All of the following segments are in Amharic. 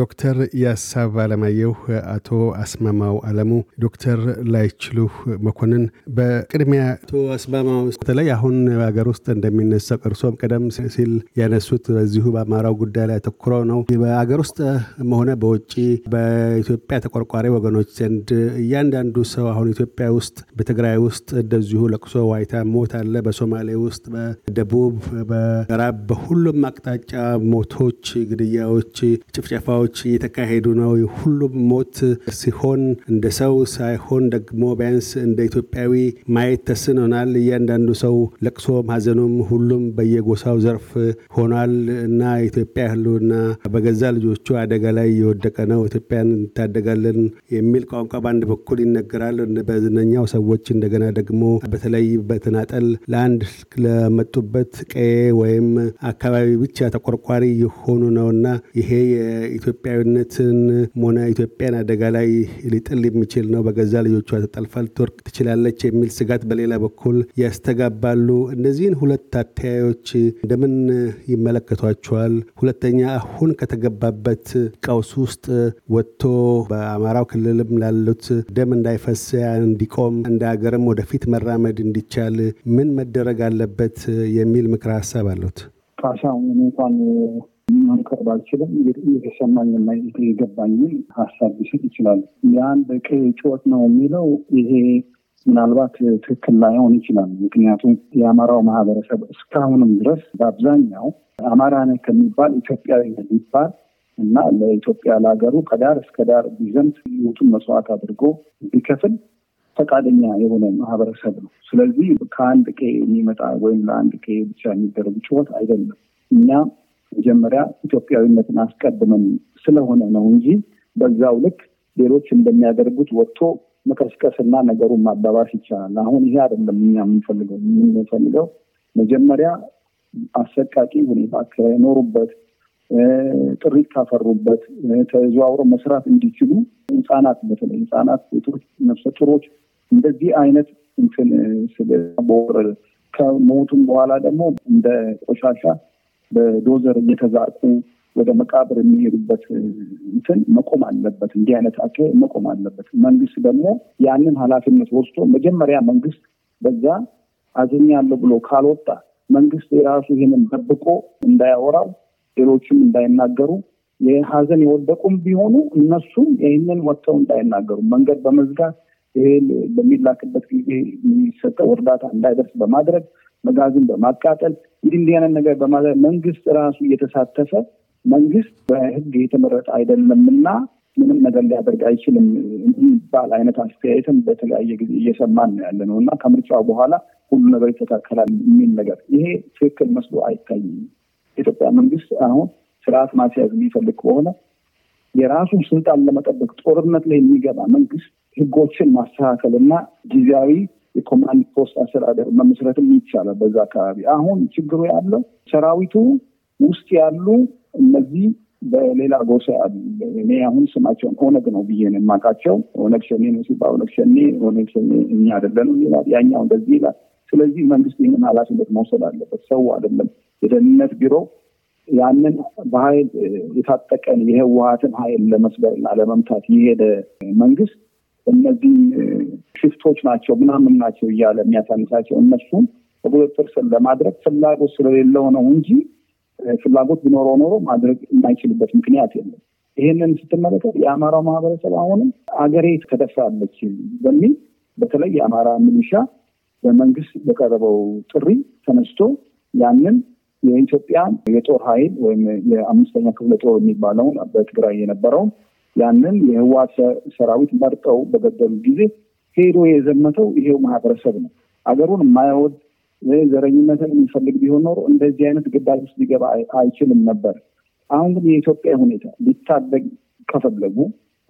ዶክተር ያሳብ አለማየሁ፣ አቶ አስማማው አለሙ፣ ዶክተር ላይችሉ መኮንን፣ በቅድሚያ አቶ አስማማው በተለይ አሁን ሀገር ውስጥ እንደሚነሳው እርሶም ቀደም ሲል ያነሱት በዚሁ በአማራው ጉዳይ ላይ ተኩሮ ነው። በአገር ውስጥ መሆነ በውጭ በኢትዮጵያ ተቆርቋሪ ወገኖች ዘንድ እያንዳንዱ ሰው አሁን ኢትዮጵያ ውስጥ በትግራይ ውስጥ እንደዚሁ ለቅሶ፣ ዋይታ፣ ሞት አለ። በሶማሌ ውስጥ፣ በደቡብ፣ በራብ በሁሉም አቅጣጫ ሞቶች፣ ግድያዎች፣ ጭፍጨፋ ዘረፋዎች እየተካሄዱ ነው። ሁሉም ሞት ሲሆን እንደ ሰው ሳይሆን ደግሞ ቢያንስ እንደ ኢትዮጵያዊ ማየት ተስኖናል። እያንዳንዱ ሰው ለቅሶም፣ ሀዘኑም ሁሉም በየጎሳው ዘርፍ ሆኗል እና ኢትዮጵያ ህልውና በገዛ ልጆቹ አደጋ ላይ እየወደቀ ነው። ኢትዮጵያን እንታደጋለን የሚል ቋንቋ በአንድ በኩል ይነገራል በዝነኛው ሰዎች፣ እንደገና ደግሞ በተለይ በተናጠል ለአንድ ለመጡበት ቀዬ ወይም አካባቢ ብቻ ተቆርቋሪ የሆኑ ነውና ይሄ ኢትዮጵያዊነትን ሆነ ኢትዮጵያን አደጋ ላይ ሊጥል የሚችል ነው። በገዛ ልጆቿ ተጠልፋ ልትወርቅ ትችላለች የሚል ስጋት በሌላ በኩል ያስተጋባሉ። እነዚህን ሁለት አተያዮች እንደምን ይመለከቷቸዋል? ሁለተኛ አሁን ከተገባበት ቀውስ ውስጥ ወጥቶ በአማራው ክልልም ላሉት ደም እንዳይፈስ እንዲቆም እንደ ሀገርም ወደፊት መራመድ እንዲቻል ምን መደረግ አለበት የሚል ምክረ ሀሳብ አሉት። ቃሻ ማምከር ባልችልም የተሰማኝና የገባኝን ሀሳብ ሊሰጥ ይችላል። ያን በቀይ ጩኸት ነው የሚለው ይሄ ምናልባት ትክክል ላይሆን ይችላል። ምክንያቱም የአማራው ማህበረሰብ እስካሁንም ድረስ በአብዛኛው አማራ ነህ ከሚባል ኢትዮጵያዊ የሚባል እና ለኢትዮጵያ ለሀገሩ ከዳር እስከ ዳር ቢዘምት ሕይወቱን መስዋዕት አድርጎ ቢከፍል ፈቃደኛ የሆነ ማህበረሰብ ነው። ስለዚህ ከአንድ ቄ የሚመጣ ወይም ለአንድ ቄ ብቻ የሚደረግ ጩኸት አይደለም እኛ መጀመሪያ ኢትዮጵያዊነትን አስቀድመን ስለሆነ ነው እንጂ በዛው ልክ ሌሎች እንደሚያደርጉት ወጥቶ መቀስቀስና ነገሩን ማባባስ ይቻላል። አሁን ይሄ አይደለም እኛ የምንፈልገው። የምንፈልገው መጀመሪያ አሰቃቂ ሁኔታ ከኖሩበት ጥሪት ካፈሩበት ተዘዋውረው መስራት እንዲችሉ ህጻናት፣ በተለይ ህጻናት፣ ሴቶች፣ ነፍሰ ጡሮች እንደዚህ አይነት እንትን ስለ ከሞቱም በኋላ ደግሞ እንደ ቆሻሻ በዶዘር እየተዛቁ ወደ መቃብር የሚሄዱበት እንትን መቆም አለበት። እንዲህ አይነት አ መቆም አለበት። መንግስት ደግሞ ያንን ኃላፊነት ወስዶ መጀመሪያ መንግስት በዛ አዝኛለሁ ብሎ ካልወጣ መንግስት የራሱ ይህንን ጠብቆ እንዳያወራው ሌሎችም እንዳይናገሩ የሀዘን የወደቁም ቢሆኑ እነሱም ይህንን ወጥተው እንዳይናገሩ መንገድ በመዝጋት ይሄ በሚላክበት ጊዜ የሚሰጠው እርዳታ እንዳይደርስ በማድረግ መጋዘን በማቃጠል እንዲህ ነገር በማድረግ መንግስት ራሱ እየተሳተፈ መንግስት በህግ የተመረጠ አይደለምና ምንም ነገር ሊያደርግ አይችልም የሚባል አይነት አስተያየትም በተለያየ ጊዜ እየሰማን ነው ያለ ነው እና ከምርጫው በኋላ ሁሉ ነገር ይተካከላል የሚል ነገር ይሄ ትክክል መስሎ አይታይም። ኢትዮጵያ መንግስት አሁን ስርዓት ማስያዝ የሚፈልግ ከሆነ የራሱ ስልጣን ለመጠበቅ ጦርነት ላይ የሚገባ መንግስት ህጎችን ማስተካከል እና ጊዜያዊ የኮማንድ ፖስት አስተዳደር መመስረትም ይቻላል። በዛ አካባቢ አሁን ችግሩ ያለው ሰራዊቱ ውስጥ ያሉ እነዚህ በሌላ ጎሳ ያሉ እኔ አሁን ስማቸውን ኦነግ ነው ብዬ ነው የማውቃቸው። ኦነግ ሸኔ ነው ሲባል ኦነግ ሸኔ ኦነግ ሸኔ እኛ አይደለንም ይላል፣ ያኛው እንደዚህ ይላል። ስለዚህ መንግስት ይህንን ኃላፊነት መውሰድ አለበት። ሰው አይደለም የደህንነት ቢሮ ያንን በኃይል የታጠቀን የህወሀትን ኃይል ለመስበርና ለመምታት የሄደ መንግስት እነዚህ ሽፍቶች ናቸው ምናምን ናቸው እያለ የሚያሳንሳቸው እነሱን በቁጥጥር ስር ለማድረግ ፍላጎት ስለሌለው ነው እንጂ ፍላጎት ቢኖረው ኖሮ ማድረግ የማይችልበት ምክንያት የለም። ይህንን ስትመለከት የአማራው ማህበረሰብ አሁንም አገሬ ከደፍራለች በሚል በተለይ የአማራ ሚሊሻ በመንግስት በቀረበው ጥሪ ተነስቶ ያንን የኢትዮጵያ የጦር ኃይል ወይም የአምስተኛ ክፍለ ጦር የሚባለውን በትግራይ የነበረውን ያንን የህወሓት ሰራዊት መርጠው በገደሉ ጊዜ ሄዶ የዘመተው ይሄው ማህበረሰብ ነው። አገሩን የማይወድ ዘረኝነትን የሚፈልግ ቢሆን ኖሮ እንደዚህ አይነት ግዳጅ ውስጥ ሊገባ አይችልም ነበር። አሁን ግን የኢትዮጵያ ሁኔታ ሊታደግ ከፈለጉ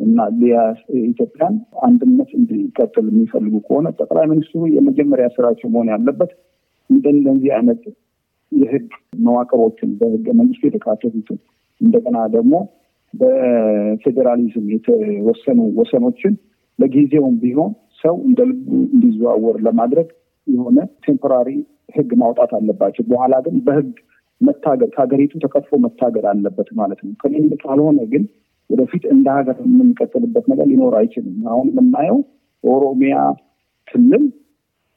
እና የኢትዮጵያን አንድነት እንዲቀጥል የሚፈልጉ ከሆነ ጠቅላይ ሚኒስትሩ የመጀመሪያ ስራቸው መሆን ያለበት እንደዚህ አይነት የህግ መዋቅሮችን በህገ መንግስቱ የተካተቱትን እንደገና ደግሞ በፌዴራሊዝም የተወሰኑ ወሰኖችን ለጊዜውም ቢሆን ሰው እንደ ልቡ እንዲዘዋወር ለማድረግ የሆነ ቴምፖራሪ ህግ ማውጣት አለባቸው። በኋላ ግን በህግ መታገል ከሀገሪቱ ተቀጥፎ መታገድ አለበት ማለት ነው። ከሌለ ካልሆነ ግን ወደፊት እንደ ሀገር የምንቀጥልበት ነገር ሊኖር አይችልም። አሁን የምናየው ኦሮሚያ ክልል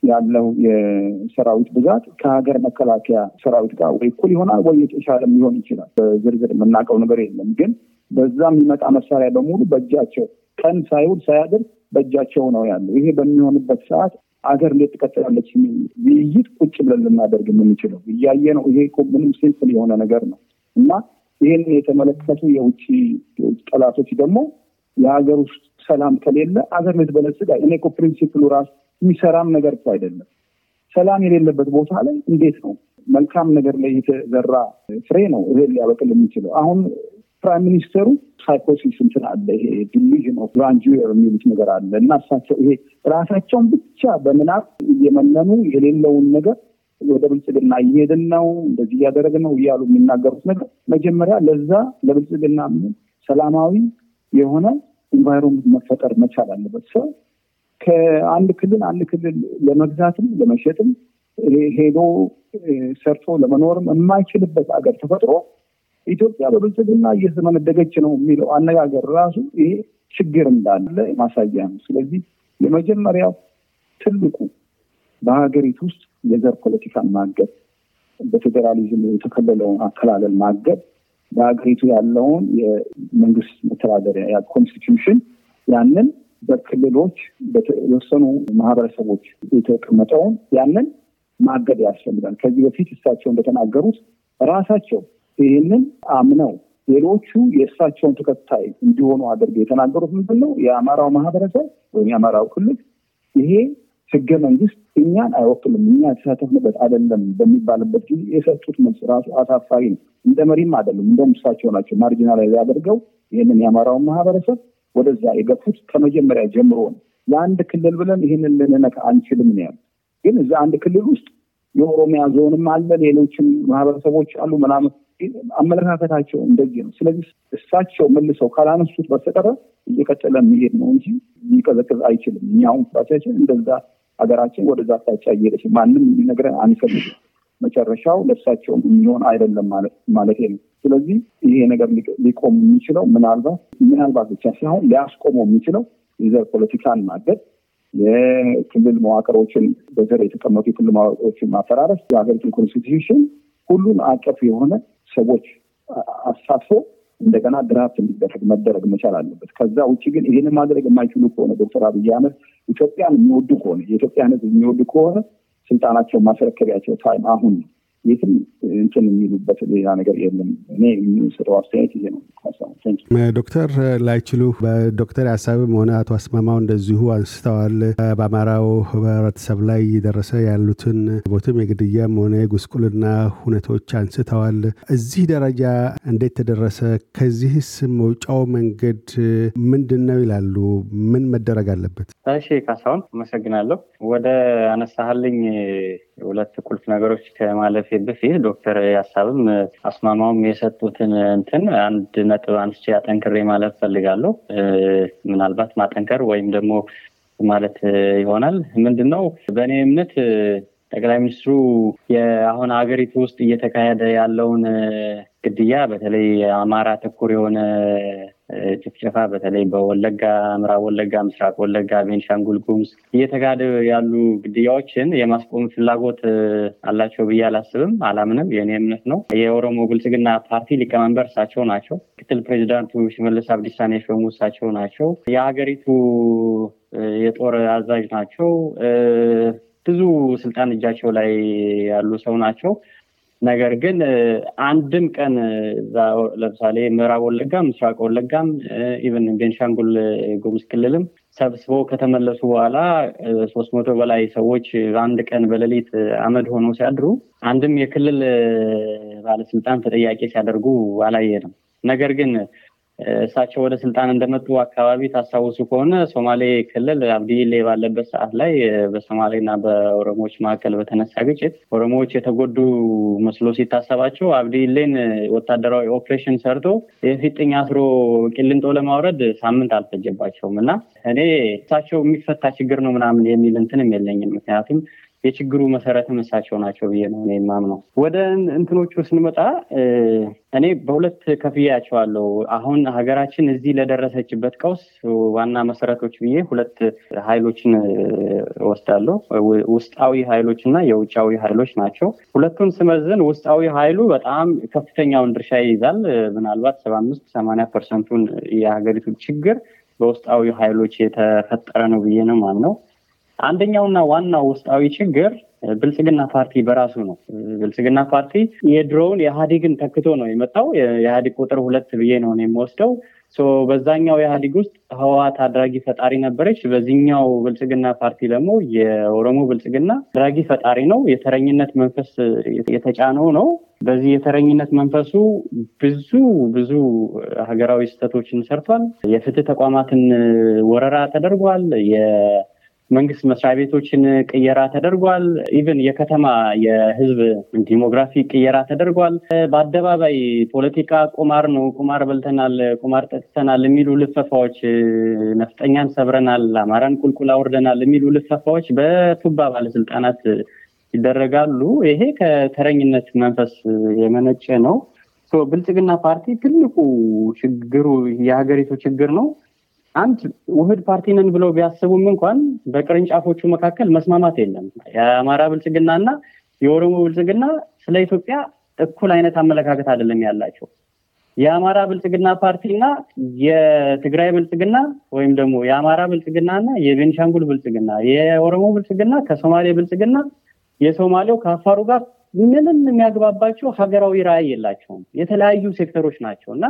ያለው የሰራዊት ብዛት ከሀገር መከላከያ ሰራዊት ጋር ወይ እኩል ይሆናል ወይ የተሻለም ሊሆን ይችላል። በዝርዝር የምናውቀው ነገር የለም ግን በዛ የሚመጣ መሳሪያ በሙሉ በእጃቸው ቀን ሳይውል ሳያድር በእጃቸው ነው ያለው። ይሄ በሚሆንበት ሰዓት አገር እንዴት ትቀጥላለች ውይይት ቁጭ ብለን ልናደርግ የምንችለው እያየ ነው። ይሄ ምንም ሲምፕል የሆነ ነገር ነው እና ይህን የተመለከቱ የውጭ ጠላቶች ደግሞ የሀገር ውስጥ ሰላም ከሌለ አገር ልትበለጽግ እኔ እኮ ፕሪንሲፕሉ ራሱ የሚሰራም ነገር እኮ አይደለም። ሰላም የሌለበት ቦታ ላይ እንዴት ነው መልካም ነገር ላይ የተዘራ ፍሬ ነው እህል ሊያበቅል የሚችለው? አሁን ፕራይም ሚኒስተሩ ሳይኮሲስ እንትን አለ ይሄ ዲሉዥን ኦፍ ግራንጁር የሚሉት ነገር አለ እና እሳቸው ይሄ ራሳቸውን ብቻ በምናብ እየመነኑ የሌለውን ነገር ወደ ብልጽግና እየሄድን ነው እንደዚህ እያደረግን ነው እያሉ የሚናገሩት ነገር መጀመሪያ ለዛ ለብልጽግና ሰላማዊ የሆነ ኢንቫይሮንመንት መፈጠር መቻል አለበት። ሰው ከአንድ ክልል አንድ ክልል ለመግዛትም ለመሸጥም ሄዶ ሰርቶ ለመኖርም የማይችልበት አገር ተፈጥሮ ኢትዮጵያ በብልጽግና እየተመነደገች ነው የሚለው አነጋገር ራሱ ይሄ ችግር እንዳለ ማሳያ ነው። ስለዚህ የመጀመሪያው ትልቁ በሀገሪቱ ውስጥ የዘር ፖለቲካን ማገድ፣ በፌዴራሊዝም የተከለለውን አከላለል ማገድ፣ በሀገሪቱ ያለውን የመንግስት መተዳደሪያ ኮንስቲትዩሽን ያንን በክልሎች በተወሰኑ ማህበረሰቦች የተቀመጠውን ያንን ማገድ ያስፈልጋል። ከዚህ በፊት እሳቸው እንደተናገሩት ራሳቸው ይህንን አምነው ሌሎቹ የእሳቸውን ተከታይ እንዲሆኑ አድርገው የተናገሩት ምንድን ነው? የአማራው ማህበረሰብ ወይም የአማራው ክልል ይሄ ህገ መንግስት እኛን አይወክልም፣ እኛ የተሳተፍንበት አይደለም በሚባልበት ጊዜ የሰጡት መልስ ራሱ አሳፋሪ ነው። እንደ መሪም አይደለም፣ እንደውም እሳቸው ናቸው ማርጂናላይዝ አድርገው ይህንን የአማራውን ማህበረሰብ ወደዛ የገፉት ከመጀመሪያ ጀምሮ ነው። ለአንድ ክልል ብለን ይህንን ልንነካ አንችልም ነው ያሉት። ግን እዛ አንድ ክልል ውስጥ የኦሮሚያ ዞንም አለ፣ ሌሎችም ማህበረሰቦች አሉ ምናምን አመለካከታቸው እንደዚህ ነው። ስለዚህ እሳቸው መልሰው ካላነሱት በስተቀረ እየቀጠለ መሄድ ነው እንጂ ሊቀዘቅዝ አይችልም። እኛ አሁን ስራቻችን እንደዛ ሀገራችን ወደዛ አቅጣጫ እየሄደች ማንም የሚነግረን አንፈልግ መጨረሻው ለእሳቸውም የሚሆን አይደለም ማለት ነው። ስለዚህ ይሄ ነገር ሊቆም የሚችለው ምናልባት ምናልባት ብቻ ሳይሆን ሊያስቆመው የሚችለው የዘር ፖለቲካን ማገድ የክልል መዋቅሮችን በዘር የተቀመጡ የክልል መዋቅሮችን ማፈራረስ፣ የሀገሪቱን ኮንስቲቱሽን ሁሉን አቀፍ የሆነ ሰዎች አሳትፎ እንደገና ድራፍት እንዲደረግ መደረግ መቻል አለበት። ከዛ ውጭ ግን ይህንን ማድረግ የማይችሉ ከሆነ ዶክተር አብይ አህመድ ኢትዮጵያን የሚወዱ ከሆነ የኢትዮጵያን ሕዝብ የሚወዱ ከሆነ ስልጣናቸው ማስረከቢያቸው ታይም አሁን ነው። የትም እንትን የሚሉበት ሌላ ነገር የለም። እኔ የሚሰጠው አስተያየት ይሄ ነው። ዶክተር ላይችሉ በዶክተር ያሳብም ሆነ አቶ አስማማው እንደዚሁ አንስተዋል። በአማራው ህብረተሰብ ላይ እየደረሰ ያሉትን ቦትም የግድያም ሆነ የጉስቁልና ሁነቶች አንስተዋል። እዚህ ደረጃ እንዴት ተደረሰ? ከዚህስ መውጫው መንገድ ምንድን ነው ይላሉ? ምን መደረግ አለበት? እሺ ካሳሁን አመሰግናለሁ። ወደ አነሳህልኝ ሁለት ቁልፍ ነገሮች ከማለፌ በፊት ዶክተር ያሳብም አስማማውም የሰጡትን እንትን አንድ ነጥብ አንስቼ አጠንክሬ ማለፍ ፈልጋለሁ። ምናልባት ማጠንከር ወይም ደግሞ ማለት ይሆናል። ምንድን ነው በእኔ እምነት ጠቅላይ ሚኒስትሩ የአሁን ሀገሪቱ ውስጥ እየተካሄደ ያለውን ግድያ በተለይ አማራ ተኮር የሆነ ጭፍጨፋ በተለይ በወለጋ፣ ምዕራብ ወለጋ፣ ምስራቅ ወለጋ፣ ቤንሻንጉል ጉሙዝ እየተጋደ ያሉ ግድያዎችን የማስቆም ፍላጎት አላቸው ብዬ አላስብም፣ አላምንም። የኔ እምነት ነው። የኦሮሞ ብልጽግና ፓርቲ ሊቀመንበር እሳቸው ናቸው። ምክትል ፕሬዚዳንቱ ሽመልስ አብዲሳን የሾሙ እሳቸው ናቸው። የሀገሪቱ የጦር አዛዥ ናቸው። ብዙ ስልጣን እጃቸው ላይ ያሉ ሰው ናቸው። ነገር ግን አንድም ቀን እዛ ለምሳሌ ምዕራብ ወለጋም፣ ምስራቅ ወለጋም ኢቨን ቤንሻንጉል ጉሙዝ ክልልም ሰብስቦ ከተመለሱ በኋላ ሶስት መቶ በላይ ሰዎች በአንድ ቀን በሌሊት አመድ ሆኖ ሲያድሩ አንድም የክልል ባለስልጣን ተጠያቂ ሲያደርጉ አላየንም። ነገር ግን እሳቸው ወደ ስልጣን እንደመጡ አካባቢ ታስታውሱ ከሆነ ሶማሌ ክልል አብዲሌ ባለበት ሰዓት ላይ በሶማሌና በኦሮሞዎች መካከል በተነሳ ግጭት ኦሮሞዎች የተጎዱ መስሎ ሲታሰባቸው አብዲሌን ወታደራዊ ኦፕሬሽን ሰርቶ የፊጥኝ አስሮ ቂሊንጦ ለማውረድ ሳምንት አልፈጀባቸውም እና እኔ እሳቸው የሚፈታ ችግር ነው ምናምን የሚል እንትንም የለኝም። ምክንያቱም የችግሩ መሰረተ መሳቸው ናቸው ብዬ ነው የማምነው። ወደ እንትኖቹ ስንመጣ እኔ በሁለት ከፍያቸዋለሁ። አሁን ሀገራችን እዚህ ለደረሰችበት ቀውስ ዋና መሰረቶች ብዬ ሁለት ኃይሎችን ወስዳለሁ። ውስጣዊ ኃይሎች እና የውጫዊ ኃይሎች ናቸው። ሁለቱን ስመዝን ውስጣዊ ኃይሉ በጣም ከፍተኛውን ድርሻ ይይዛል። ምናልባት ሰባ አምስት ሰማንያ ፐርሰንቱን የሀገሪቱ ችግር በውስጣዊ ኃይሎች የተፈጠረ ነው ብዬ ነው ማምነው። አንደኛውና ዋናው ውስጣዊ ችግር ብልጽግና ፓርቲ በራሱ ነው። ብልጽግና ፓርቲ የድሮውን የኢህአዴግን ተክቶ ነው የመጣው። የኢህአዴግ ቁጥር ሁለት ብዬ ነው የሚወስደው። በዛኛው ኢህአዴግ ውስጥ ህወሓት አድራጊ ፈጣሪ ነበረች። በዚህኛው ብልጽግና ፓርቲ ደግሞ የኦሮሞ ብልጽግና አድራጊ ፈጣሪ ነው። የተረኝነት መንፈስ የተጫነው ነው። በዚህ የተረኝነት መንፈሱ ብዙ ብዙ ሀገራዊ ስህተቶችን ሰርቷል። የፍትህ ተቋማትን ወረራ ተደርጓል። መንግስት መስሪያ ቤቶችን ቅየራ ተደርጓል። ኢቨን የከተማ የህዝብ ዲሞግራፊ ቅየራ ተደርጓል። በአደባባይ ፖለቲካ ቁማር ነው፣ ቁማር በልተናል፣ ቁማር ጠጥተናል የሚሉ ልፈፋዎች፣ ነፍጠኛን ሰብረናል፣ አማራን ቁልቁል አውርደናል የሚሉ ልፈፋዎች በቱባ ባለስልጣናት ይደረጋሉ። ይሄ ከተረኝነት መንፈስ የመነጨ ነው። ብልጽግና ፓርቲ ትልቁ ችግሩ የሀገሪቱ ችግር ነው። አንድ ውህድ ፓርቲ ነን ብለው ቢያስቡም እንኳን በቅርንጫፎቹ መካከል መስማማት የለም። የአማራ ብልጽግናና የኦሮሞ ብልጽግና ስለ ኢትዮጵያ እኩል አይነት አመለካከት አይደለም ያላቸው። የአማራ ብልጽግና ፓርቲና የትግራይ ብልጽግና ወይም ደግሞ የአማራ ብልጽግናና የቤንሻንጉል ብልጽግና፣ የኦሮሞ ብልጽግና ከሶማሌ ብልጽግና፣ የሶማሌው ከአፋሩ ጋር ምንም የሚያግባባቸው ሀገራዊ ራዕይ የላቸውም። የተለያዩ ሴክተሮች ናቸው እና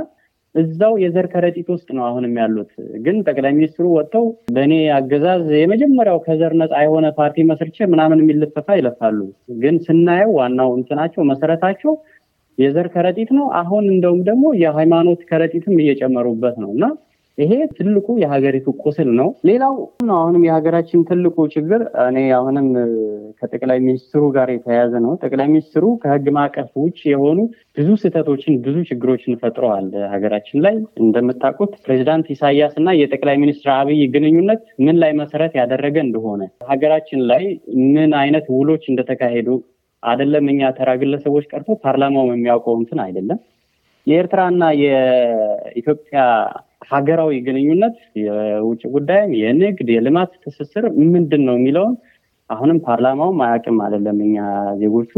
እዛው የዘር ከረጢት ውስጥ ነው አሁንም ያሉት። ግን ጠቅላይ ሚኒስትሩ ወጥተው በእኔ አገዛዝ የመጀመሪያው ከዘር ነፃ የሆነ ፓርቲ መስርቼ ምናምን የሚልፈፋ ይለፋሉ። ግን ስናየው ዋናው እንትናቸው መሰረታቸው የዘር ከረጢት ነው። አሁን እንደውም ደግሞ የሃይማኖት ከረጢትም እየጨመሩበት ነው እና ይሄ ትልቁ የሀገሪቱ ቁስል ነው። ሌላው አሁንም የሀገራችን ትልቁ ችግር እኔ አሁንም ከጠቅላይ ሚኒስትሩ ጋር የተያያዘ ነው። ጠቅላይ ሚኒስትሩ ከህግ ማዕቀፍ ውጭ የሆኑ ብዙ ስህተቶችን፣ ብዙ ችግሮችን ፈጥረዋል ሀገራችን ላይ። እንደምታውቁት ፕሬዚዳንት ኢሳያስ እና የጠቅላይ ሚኒስትር አብይ ግንኙነት ምን ላይ መሰረት ያደረገ እንደሆነ ሀገራችን ላይ ምን አይነት ውሎች እንደተካሄዱ አይደለም እኛ ተራ ግለሰቦች ቀርቶ ፓርላማው የሚያውቀው እንትን አይደለም የኤርትራና የኢትዮጵያ ሀገራዊ ግንኙነት፣ የውጭ ጉዳይም፣ የንግድ፣ የልማት ትስስር ምንድን ነው የሚለውን አሁንም ፓርላማውም አያውቅም አይደለም እኛ ዜጎቹ።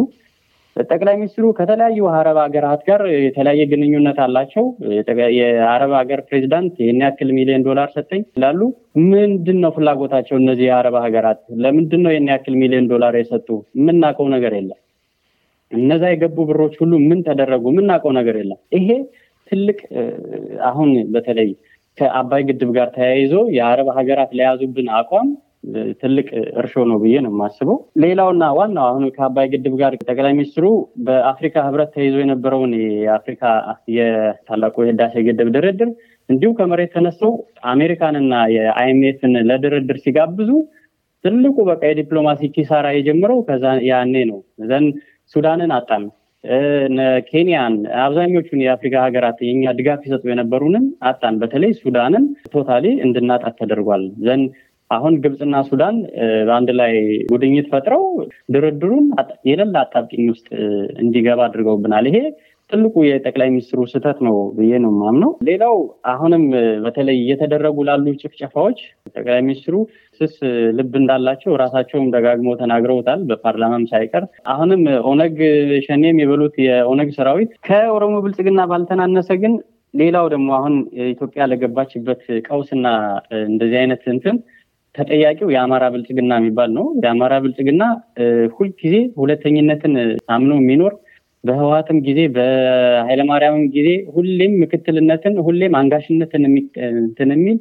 ጠቅላይ ሚኒስትሩ ከተለያዩ አረብ ሀገራት ጋር የተለያየ ግንኙነት አላቸው። የአረብ ሀገር ፕሬዚዳንት ይህን ያክል ሚሊዮን ዶላር ሰጠኝ ይላሉ። ምንድን ነው ፍላጎታቸው? እነዚህ የአረብ ሀገራት ለምንድን ነው ይህን ያክል ሚሊዮን ዶላር የሰጡ? የምናውቀው ነገር የለም። እነዛ የገቡ ብሮች ሁሉ ምን ተደረጉ? የምናውቀው ነገር የለም። ይሄ ትልቅ አሁን በተለይ ከአባይ ግድብ ጋር ተያይዞ የአረብ ሀገራት ለያዙብን አቋም ትልቅ እርሾ ነው ብዬ ነው የማስበው። ሌላውና ዋናው አሁን ከአባይ ግድብ ጋር ጠቅላይ ሚኒስትሩ በአፍሪካ ህብረት ተይዞ የነበረውን የአፍሪካ የታላቁ የህዳሴ ግድብ ድርድር እንዲሁ ከመሬት ተነስተው አሜሪካንና የአይኤምኤፍን ለድርድር ሲጋብዙ ትልቁ በቃ የዲፕሎማሲ ኪሳራ የጀመረው ከዛ ያኔ ነው። ዘን ሱዳንን አጣን፣ ኬንያን፣ አብዛኞቹን የአፍሪካ ሀገራት የኛ ድጋፍ ይሰጡ የነበሩንም አጣን። በተለይ ሱዳንን ቶታሊ እንድናጣት ተደርጓል። ዘን አሁን ግብፅና ሱዳን በአንድ ላይ ጉድኝት ፈጥረው ድርድሩን የሌላ አጣብቂኝ ውስጥ እንዲገባ አድርገውብናል። ይሄ ትልቁ የጠቅላይ ሚኒስትሩ ስህተት ነው ብዬ ነው የማምነው። ሌላው አሁንም በተለይ እየተደረጉ ላሉ ጭፍጨፋዎች ጠቅላይ ሚኒስትሩ ስስ ልብ እንዳላቸው ራሳቸውም ደጋግመው ተናግረውታል፣ በፓርላማም ሳይቀር። አሁንም ኦነግ ሸኔም የበሉት የኦነግ ሰራዊት ከኦሮሞ ብልጽግና ባልተናነሰ ግን ሌላው ደግሞ አሁን ኢትዮጵያ ለገባችበት ቀውስና እንደዚህ አይነት እንትን ተጠያቂው የአማራ ብልጽግና የሚባል ነው። የአማራ ብልጽግና ሁልጊዜ ሁለተኝነትን አምኖ የሚኖር በህወሓትም ጊዜ በኃይለማርያምም ጊዜ ሁሌም ምክትልነትን ሁሌም አንጋሽነትን የሚል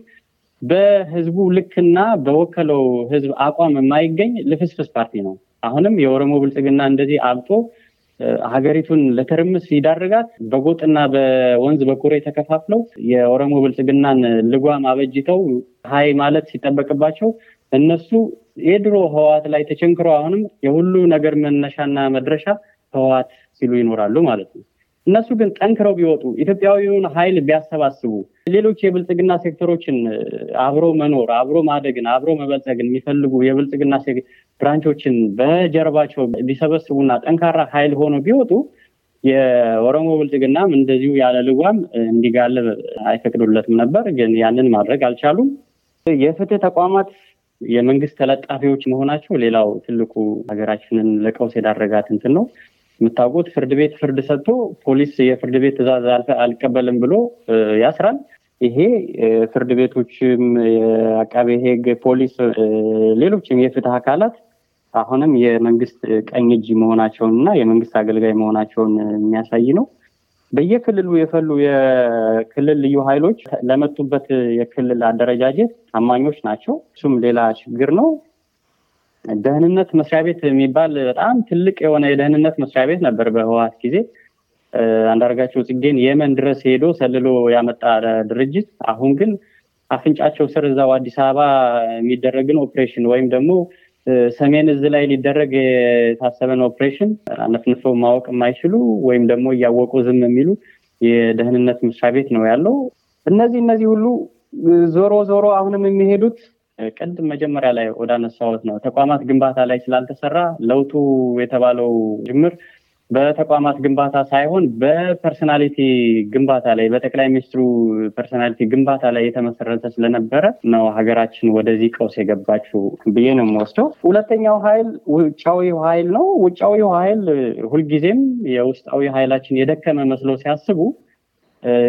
በህዝቡ ልክና በወከለው ህዝብ አቋም የማይገኝ ልፍስፍስ ፓርቲ ነው። አሁንም የኦሮሞ ብልጽግና እንደዚህ አብጦ ሀገሪቱን ለትርምስ ሲዳርጋት በጎጥና በወንዝ በኩሬ ተከፋፍለው የኦሮሞ ብልጽግናን ልጓም አበጅተው ሀይ ማለት ሲጠበቅባቸው እነሱ የድሮ ህወሓት ላይ ተቸንክሮ አሁንም የሁሉ ነገር መነሻና መድረሻ ህወሓት ሲሉ ይኖራሉ ማለት ነው። እነሱ ግን ጠንክረው ቢወጡ ኢትዮጵያዊውን ኃይል ቢያሰባስቡ ሌሎች የብልጽግና ሴክተሮችን አብሮ መኖር አብሮ ማደግን አብሮ መበልጸግን የሚፈልጉ የብልጽግና ብራንቾችን በጀርባቸው ቢሰበስቡና ጠንካራ ኃይል ሆነው ቢወጡ የኦሮሞ ብልጽግናም እንደዚሁ ያለ ልጓም እንዲጋለብ አይፈቅዱለትም ነበር። ግን ያንን ማድረግ አልቻሉም። የፍትህ ተቋማት የመንግስት ተለጣፊዎች መሆናቸው ሌላው ትልቁ ሀገራችንን ለቀውስ የዳረጋት እንትን ነው። የምታውቁት ፍርድ ቤት ፍርድ ሰጥቶ ፖሊስ የፍርድ ቤት ትዛዝ አልቀበልም ብሎ ያስራል። ይሄ ፍርድ ቤቶችም፣ የአቃቤ ሕግ፣ ፖሊስ፣ ሌሎችም የፍትህ አካላት አሁንም የመንግስት ቀኝ እጅ መሆናቸውን እና የመንግስት አገልጋይ መሆናቸውን የሚያሳይ ነው። በየክልሉ የፈሉ የክልል ልዩ ኃይሎች ለመጡበት የክልል አደረጃጀት ታማኞች ናቸው። እሱም ሌላ ችግር ነው። ደህንነት መስሪያ ቤት የሚባል በጣም ትልቅ የሆነ የደህንነት መስሪያ ቤት ነበር በህወሀት ጊዜ አንዳርጋቸው ጽጌን የመን ድረስ ሄዶ ሰልሎ ያመጣ ድርጅት አሁን ግን አፍንጫቸው ስር እዛው አዲስ አበባ የሚደረግን ኦፕሬሽን ወይም ደግሞ ሰሜን እዝ ላይ ሊደረግ የታሰበን ኦፕሬሽን አነፍንፎ ማወቅ የማይችሉ ወይም ደግሞ እያወቁ ዝም የሚሉ የደህንነት መስሪያ ቤት ነው ያለው። እነዚህ እነዚህ ሁሉ ዞሮ ዞሮ አሁንም የሚሄዱት ቅድም መጀመሪያ ላይ ወደ ነው ተቋማት ግንባታ ላይ ስላልተሰራ ለውጡ የተባለው ጅምር በተቋማት ግንባታ ሳይሆን በፐርሶናሊቲ ግንባታ ላይ በጠቅላይ ሚኒስትሩ ፐርሶናሊቲ ግንባታ ላይ የተመሰረተ ስለነበረ ነው ሀገራችን ወደዚህ ቀውስ የገባችው ብዬ ነው የምወስደው። ሁለተኛው ሀይል ውጫዊ ሀይል ነው። ውጫዊ ሀይል ሁልጊዜም የውስጣዊ ኃይላችን የደከመ መስሎ ሲያስቡ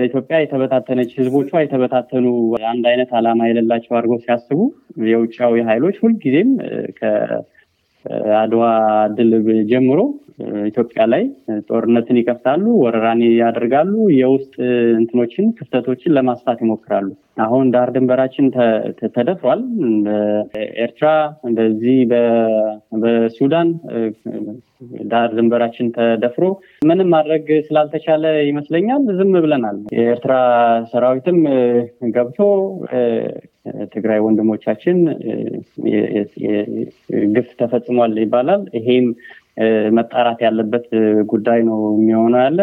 ኢትዮጵያ የተበታተነች ህዝቦቿ የተበታተኑ አንድ አይነት አላማ የሌላቸው አድርጎ ሲያስቡ የውጫዊ ሀይሎች ሁልጊዜም አድዋ ድል ጀምሮ ኢትዮጵያ ላይ ጦርነትን ይከፍታሉ፣ ወረራን ያደርጋሉ፣ የውስጥ እንትኖችን ክፍተቶችን ለማስፋት ይሞክራሉ። አሁን ዳር ድንበራችን ተደፍሯል። በኤርትራ እንደዚህ በሱዳን ዳር ድንበራችን ተደፍሮ ምንም ማድረግ ስላልተቻለ ይመስለኛል ዝም ብለናል። የኤርትራ ሰራዊትም ገብቶ ትግራይ ወንድሞቻችን ግፍ ተፈጽሟል ይባላል። ይሄም መጣራት ያለበት ጉዳይ ነው የሚሆነው ያለ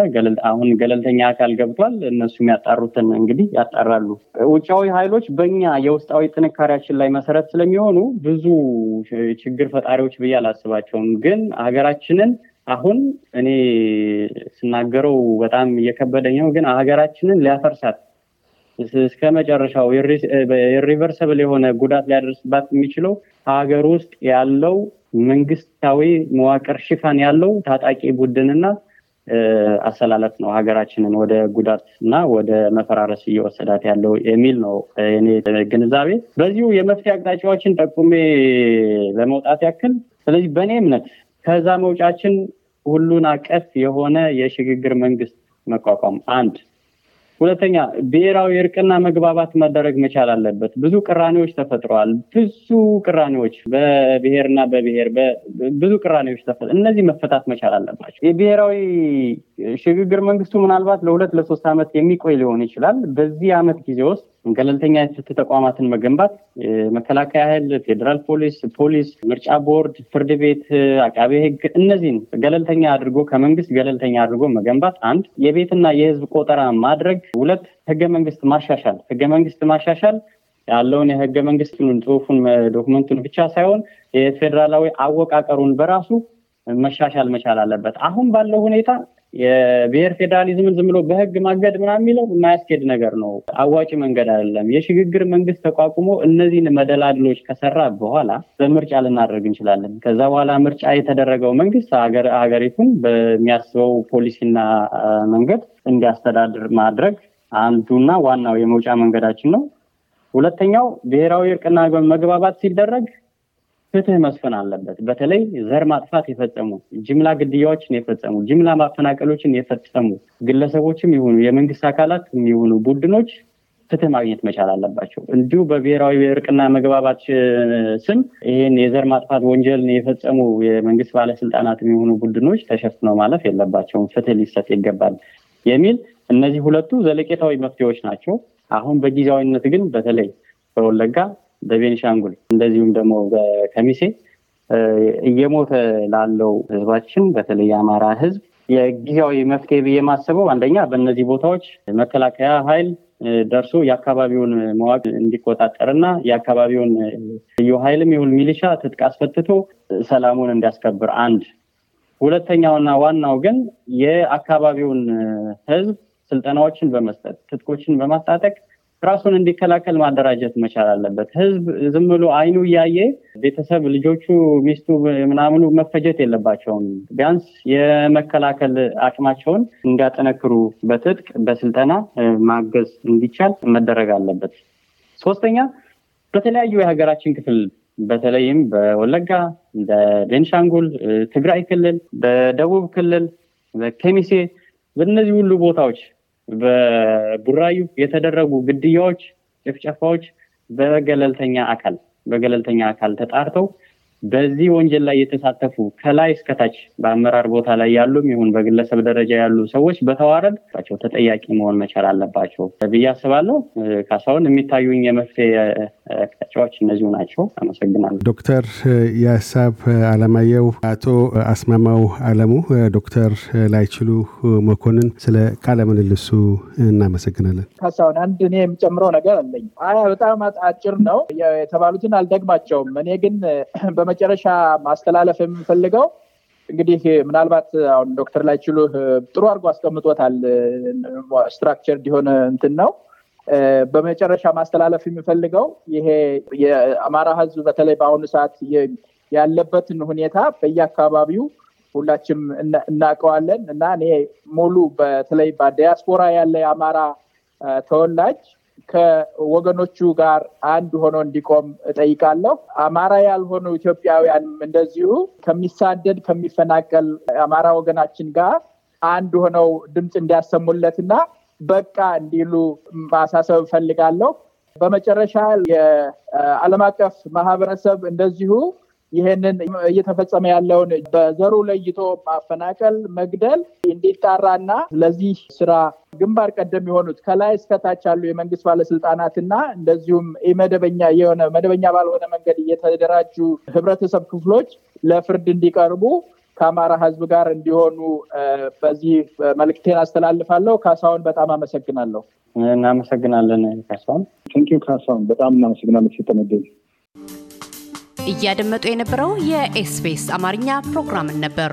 አሁን ገለልተኛ አካል ገብቷል። እነሱ የሚያጣሩትን እንግዲህ ያጣራሉ። ውጫዊ ኃይሎች በኛ የውስጣዊ ጥንካሬያችን ላይ መሰረት ስለሚሆኑ ብዙ ችግር ፈጣሪዎች ብዬ አላስባቸውም። ግን ሀገራችንን አሁን እኔ ስናገረው በጣም እየከበደኝ ነው፣ ግን ሀገራችንን ሊያፈርሳት እስከ መጨረሻው ኢሪቨርሰብል የሆነ ጉዳት ሊያደርስባት የሚችለው ሀገር ውስጥ ያለው መንግስታዊ መዋቅር ሽፋን ያለው ታጣቂ ቡድንና አሰላለፍ ነው ሀገራችንን ወደ ጉዳት እና ወደ መፈራረስ እየወሰዳት ያለው የሚል ነው እኔ ግንዛቤ። በዚሁ የመፍትሄ አቅጣጫዎችን ጠቁሜ ለመውጣት ያክል፣ ስለዚህ በእኔ እምነት ከዛ መውጫችን ሁሉን አቀፍ የሆነ የሽግግር መንግስት መቋቋም አንድ ሁለተኛ ብሔራዊ እርቅና መግባባት መደረግ መቻል አለበት። ብዙ ቅራኔዎች ተፈጥረዋል። ብዙ ቅራኔዎች በብሔርና በብሔር ብዙ ቅራኔዎች ተፈ እነዚህ መፈታት መቻል አለባቸው። የብሔራዊ ሽግግር መንግስቱ ምናልባት ለሁለት ለሶስት ዓመት የሚቆይ ሊሆን ይችላል። በዚህ ዓመት ጊዜ ውስጥ ገለልተኛ የፍትህ ተቋማትን መገንባት መከላከያ ኃይል፣ ፌዴራል ፖሊስ፣ ፖሊስ፣ ምርጫ ቦርድ፣ ፍርድ ቤት፣ አቃቤ ህግ እነዚህን ገለልተኛ አድርጎ ከመንግስት ገለልተኛ አድርጎ መገንባት አንድ፣ የቤትና የህዝብ ቆጠራ ማድረግ ሁለት፣ ህገ መንግስት ማሻሻል ህገ መንግስት ማሻሻል ያለውን የህገ መንግስቱን ጽሁፉን ዶክመንቱን ብቻ ሳይሆን የፌዴራላዊ አወቃቀሩን በራሱ መሻሻል መቻል አለበት። አሁን ባለው ሁኔታ የብሔር ፌዴራሊዝምን ዝም ብሎ በህግ ማገድ ምና የሚለው የማያስኬድ ነገር ነው። አዋጭ መንገድ አይደለም። የሽግግር መንግስት ተቋቁሞ እነዚህን መደላድሎች ከሰራ በኋላ በምርጫ ልናደርግ እንችላለን። ከዛ በኋላ ምርጫ የተደረገው መንግስት ሀገሪቱን በሚያስበው ፖሊሲና መንገድ እንዲያስተዳድር ማድረግ አንዱና ዋናው የመውጫ መንገዳችን ነው። ሁለተኛው ብሔራዊ እርቅና መግባባት ሲደረግ ፍትህ መስፈን አለበት። በተለይ ዘር ማጥፋት የፈጸሙ ጅምላ ግድያዎችን የፈጸሙ ጅምላ ማፈናቀሎችን የፈጸሙ ግለሰቦችም ይሁኑ የመንግስት አካላት የሚሆኑ ቡድኖች ፍትህ ማግኘት መቻል አለባቸው። እንዲሁ በብሔራዊ እርቅና መግባባት ስም ይህን የዘር ማጥፋት ወንጀልን የፈጸሙ የመንግስት ባለስልጣናት የሚሆኑ ቡድኖች ተሸፍነው ማለፍ የለባቸውም። ፍትህ ሊሰጥ ይገባል የሚል እነዚህ ሁለቱ ዘለቄታዊ መፍትሄዎች ናቸው። አሁን በጊዜያዊነት ግን በተለይ በወለጋ በቤኒሻንጉል እንደዚሁም ደግሞ በከሚሴ እየሞተ ላለው ህዝባችን በተለይ የአማራ ህዝብ የጊዜያዊ መፍትሄ ብዬ የማስበው አንደኛ በእነዚህ ቦታዎች መከላከያ ኃይል ደርሶ የአካባቢውን መዋቅ እንዲቆጣጠርና የአካባቢውን ልዩ ኃይልም ይሁን ሚሊሻ ትጥቅ አስፈትቶ ሰላሙን እንዲያስከብር አንድ። ሁለተኛውና ዋናው ግን የአካባቢውን ህዝብ ስልጠናዎችን በመስጠት ትጥቆችን በማስታጠቅ ራሱን እንዲከላከል ማደራጀት መቻል አለበት። ህዝብ ዝም ብሎ አይኑ እያየ ቤተሰብ፣ ልጆቹ፣ ሚስቱ ምናምኑ መፈጀት የለባቸውም። ቢያንስ የመከላከል አቅማቸውን እንዲያጠነክሩ በትጥቅ በስልጠና ማገዝ እንዲቻል መደረግ አለበት። ሶስተኛ በተለያዩ የሀገራችን ክፍል በተለይም በወለጋ፣ በቤንሻንጉል፣ ትግራይ ክልል፣ በደቡብ ክልል፣ በኬሚሴ በእነዚህ ሁሉ ቦታዎች በቡራዩ የተደረጉ ግድያዎች፣ ጭፍጨፋዎች በገለልተኛ አካል በገለልተኛ አካል ተጣርተው በዚህ ወንጀል ላይ የተሳተፉ ከላይ እስከታች በአመራር ቦታ ላይ ያሉም ይሁን በግለሰብ ደረጃ ያሉ ሰዎች በተዋረድ ቸው ተጠያቂ መሆን መቻል አለባቸው ብዬ አስባለሁ። ካሳሁን የሚታዩኝ የመፍትሄ አቅጣጫዎች እነዚሁ ናቸው። አመሰግናለሁ። ዶክተር የሀሳብ አለማየሁ፣ አቶ አስማማው አለሙ፣ ዶክተር ላይችሉ መኮንን ስለ ቃለ ምልልሱ እናመሰግናለን። ካሳሁን፣ አንድ እኔ የምጨምረው ነገር አለኝ። አያ በጣም አጭር ነው። የተባሉትን አልደግማቸውም። እኔ ግን በመጨረሻ ማስተላለፍ የምፈልገው እንግዲህ ምናልባት አሁን ዶክተር ላይችሉ ጥሩ አድርጎ አስቀምጦታል። ስትራክቸር እንዲሆን እንትን ነው በመጨረሻ ማስተላለፍ የሚፈልገው ይሄ የአማራ ህዝብ በተለይ በአሁኑ ሰዓት ያለበትን ሁኔታ በየአካባቢው ሁላችም እናውቀዋለን እና እኔ ሙሉ በተለይ በዲያስፖራ ያለ የአማራ ተወላጅ ከወገኖቹ ጋር አንድ ሆኖ እንዲቆም እጠይቃለሁ። አማራ ያልሆኑ ኢትዮጵያውያንም እንደዚሁ ከሚሳደድ ከሚፈናቀል አማራ ወገናችን ጋር አንድ ሆነው ድምፅ እንዲያሰሙለትና በቃ እንዲሉ ማሳሰብ እፈልጋለሁ። በመጨረሻ የዓለም አቀፍ ማህበረሰብ እንደዚሁ ይህንን እየተፈጸመ ያለውን በዘሩ ለይቶ ማፈናቀል፣ መግደል እንዲጣራና ለዚህ ስራ ግንባር ቀደም የሆኑት ከላይ እስከታች ያሉ የመንግስት ባለስልጣናትና እንደዚሁም መደበኛ የሆነ መደበኛ ባልሆነ መንገድ እየተደራጁ ህብረተሰብ ክፍሎች ለፍርድ እንዲቀርቡ ከአማራ ህዝብ ጋር እንዲሆኑ በዚህ መልክቴን አስተላልፋለሁ። ካሳሁን በጣም አመሰግናለሁ። እናመሰግናለን ካሳሁን። ካሳሁን፣ በጣም እናመሰግናለን ሲጠመደኝ እያደመጡ የነበረው የኤስቢኤስ አማርኛ ፕሮግራምን ነበር።